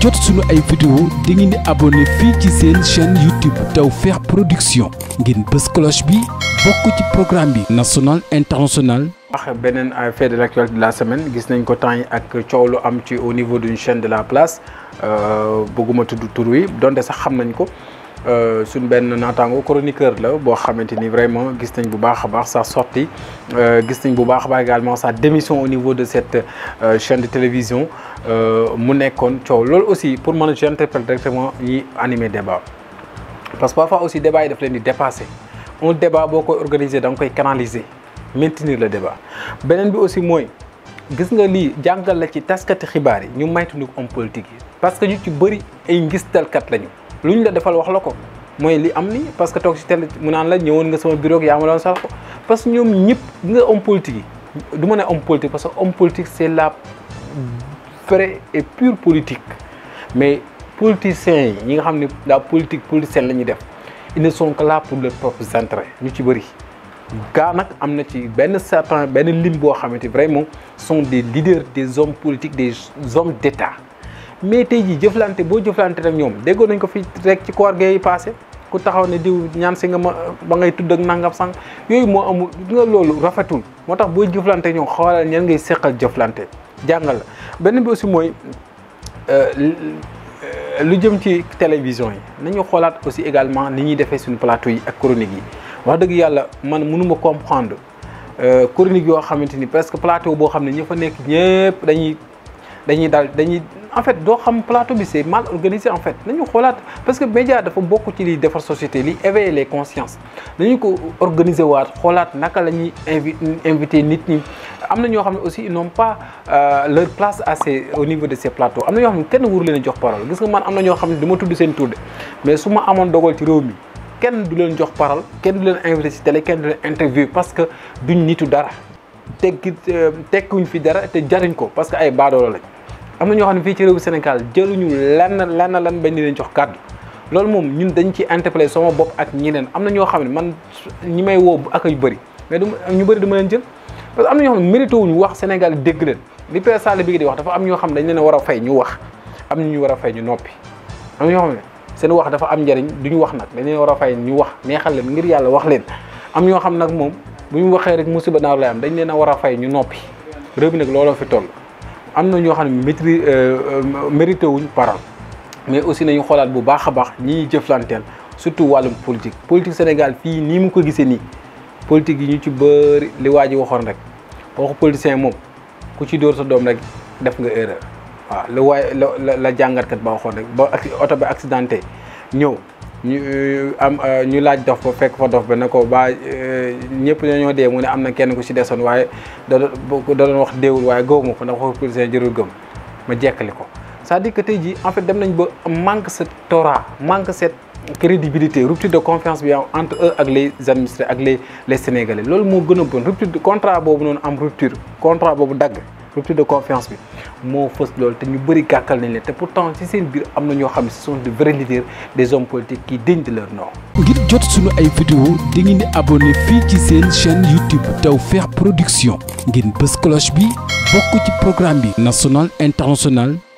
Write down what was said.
jot suñu ay vidéo da ngeen di abonné fii ci seen chaîne YouTube Tawfekh Production ngeen bës cloche bi bokk ci programme bi national international wax beneen fait de l'actualité de la semaine gis nañ ko temps yi ak coow lu am ci au niveau d'une chaîne de la place euh, bëgguma tudd tur wi donte sax xam nañ ko Euh, suñ benn naataango chroniqueur la boo xamante ni vraiment gis nañ bu baax a baax sa sortie euh, gis nañ bu baax a baax également sa démission au niveau de cette euh, chaîne de télévision mu nekkoon coow loolu aussi pour mën a j'interpelle directement ñi animer débat parce que parfois aussi débat yi daf leen di dépasser un débat boo koy organiser danga koy canaliser maintenir le débat beneen bi aussi mooy gis nga lii jàngal la ci taskati xibaar yi ñu maytu ni homme politique yi parce que ñu ci bëri ay ngistalkat lañu lu ñu la defal wax la ko mooy li am ni parce que toog si télé mu naan la ñëwoon nga sama bureau yaa ma doon saraxu parce que ñoom ñëpp nga homme politique yi du ma ne homme politique parce que homme politique c' est la vraie et pure politique mais politiciens yi ñi nga xam ne la politique politicienne la ñuy def ils ne sont que là pour leurs propres intérêts ñu ci bëri gaa nag am na ci benn certain benn lim boo xamante vraiment sont des leaders des hommes politiques des hommes d' état mais tey jii jëflante boo jëflante rek ñoom déggoon nañ ko fi rek ci koor gee yi passé ku taxaw ne diw ñaan si nga ma ba ngay tudd ak nangam sang yooyu moo amul nga loolu rafetul moo tax boo jëflante ñoom xoolal ñan ngay seqal jëflante jàngal la benn bi aussi mooy euh, euh, lu jëm ci télévision yi nañu xoolaat aussi également ni ñuy defee suñu plateau yi ak chronique yi wax dëgg yàlla man mënuma comprendre euh, chronique yoo xamante ni que plateau boo xam ne ñi fa nekk ñëpp dañuy dañuy daal dañuy en fait doo xam plateau bi c'est mal organisé en fait nañu xoolaat parce que média dafa bokk ci liy defar société li éveiller les consciences nañu ko organiser waat xoolaat naka la ñuy invi invité nit ñi am na ñoo xam ne aussi ils n'ont pas euh, leur place assez au niveau de ces plateaux am na ñoo xam ne kenn wuru leen jox parole gis nga man am na ñoo xam ne du ma tudd seen tur de mais su ma amoon dogal ci réew mi kenn du leen jox parole kenn du leen invité ci télé kenn du leen interview parce que duñ nitu dara tekki euh, tekkuñ fi dara te jariñ ko parce que ay baadoola lañ am na ñoo xam ne fii ci réew Sénégal jëluñu lenn lenn lan bañ di leen jox kàddu loolu moom ñun dañ ci interpellé sama bopp ak ñeneen am na ñoo xam ne man ñi may woo ak yu bëri mais du ñu bëri dama leen jël am na ñoo xam ne mérité wax Sénégal dégg leen li Père Sall bi di wax dafa am ñoo xam ne dañ leen war a fay ñu wax am ñu war a fay ñu noppi am na ñoo seen wax dafa am njariñ duñu wax nag dañ leen war a fay ñu wax neexal leen ngir yàlla wax leen am ñoo xam nag moom bu ñu waxee rek musiba naaru lay am dañ leen a war a fay ñu noppi réew mi nag looloo fi toll am na ñoo xam ne maîtrise euh, euh, mérité wuñ parole mais aussi nañu xoolaat bu baax a baax ñi ñuy jëflanteel surtout wàllum politique politique Sénégal fii nii mu ko gisee nii politique yi ñu ci bëri li waa ji waxoon rek waxu politicien moom ku ci dóor sa doom rek def nga erreur waaw lu waay la la jàngatkat ba waxoon rek ba oto bi accidenté ñëw ñu am euh, ñu laaj dof ba fekk fa dof ba ne ko ba euh, ñëpp ñoo dee mu ne am na kenn ku ci desoon waaye da doon wax deewul waaye gëwuma ko ndax waxu politicien jërul gëm ma jekkali ko sa à que tey jii en fait dem nañ ba manque cette Torah manque set crédibilité rupture de confiance bi am entre eux ak les administrés ak les les sénégalais loolu moo gën a bon rupture de contrat boobu noonu am rupture contrat boobu dagg rupture de confiance bi moo fës loolu te ñu bëri gàkkal nañ leen te pourtant ci seen biir am na ñoo xam ne ce sont de vrais leaders des hommes politiques qui dignes de leur nom. ngir jot suñu ay vidéo di ngeen di abonné fii ci seen chaîne YouTube Tawfekh Production ngir bës cloche bi bokk ci programme bi national international.